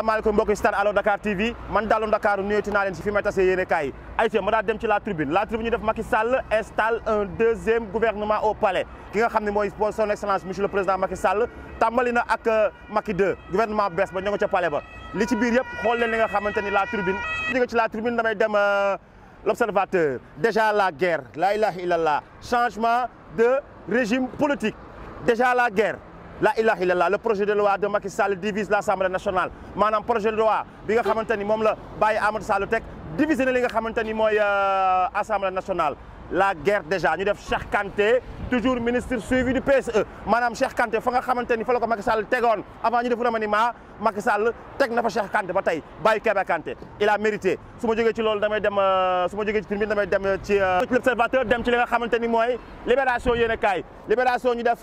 asalaamaaleykum mbokki stan allo Dakar TV man dalou dakar nuyooti naa leen si fi may tasee yéene kaay ma da dem ci la tribune la tribune ñu def Macky Sall installe un deuxième gouvernement au palais ki nga xam moy mooy son excellence monsieur le président Macky Sall tàmbali ak euh, Macky 2 gouvernement bees ba ñoo ci palais ba li ci biir yëpp xol leen li nga xamanteni la tribune ñu ci la tribune damay dem euh, l'observateur déjà la guerre la ilaha illallah changement de régime politique déjà la guerre la ilaha illallah le projet de loi de Macky Sall divise l'Assemblée nationale manam projet de loi bi nga xamante mom la baye Amadou Sall tek divisé na li nga xamante moy euh, Assemblée nationale la guerre déjà ñu def Cheikh Kanté toujours ministre suivi du PSE manam Cheikh Kanté fa nga xamante fa la ko Macky Sall tegoon avant ñu def remaniement Macky Sall tek na fa Cheikh Kanté ba tay baye Kébé Kanté il a mérité suma ma ci loolu damay dem euh, suma ma ci tribune damay dem euh, ci l'observateur dem ci li nga xamante moy libération yene a libération ñu def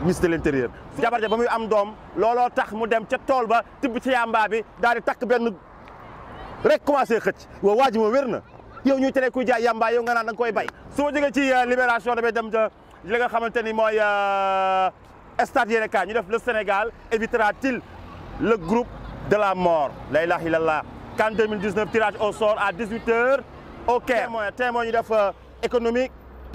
ministre de l'intérieur jabar ja ba muy am doom looloo tax mu dem ca tool ba tibb ci yàmbaa bi daal di takk benn rek commencé a waaw waa ji ma a na yow ñuy tere un jaay yàmbaa yow nga naan nga koy bay su ma ci euh, libération damay dem ca li nga xamante ni mooy euh, stade Yeneka ñu def le Sénégal évitera-t-il le groupe de la mort la ilaha illallah 2019 tirage au sort à 18 heures au Caire témoin ñu def euh, économique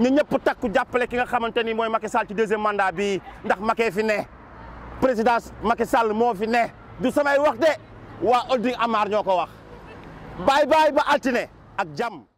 ñu ñëpp takku jàppale ki nga xamante ni mooy Macky Sall ci deuxième mandat bi ndax Macky fi ne présidence Macky Sall moo fi ne du samay wax de waa Oddi Amar ñoo ko wax bye baay ba altine ak jàmm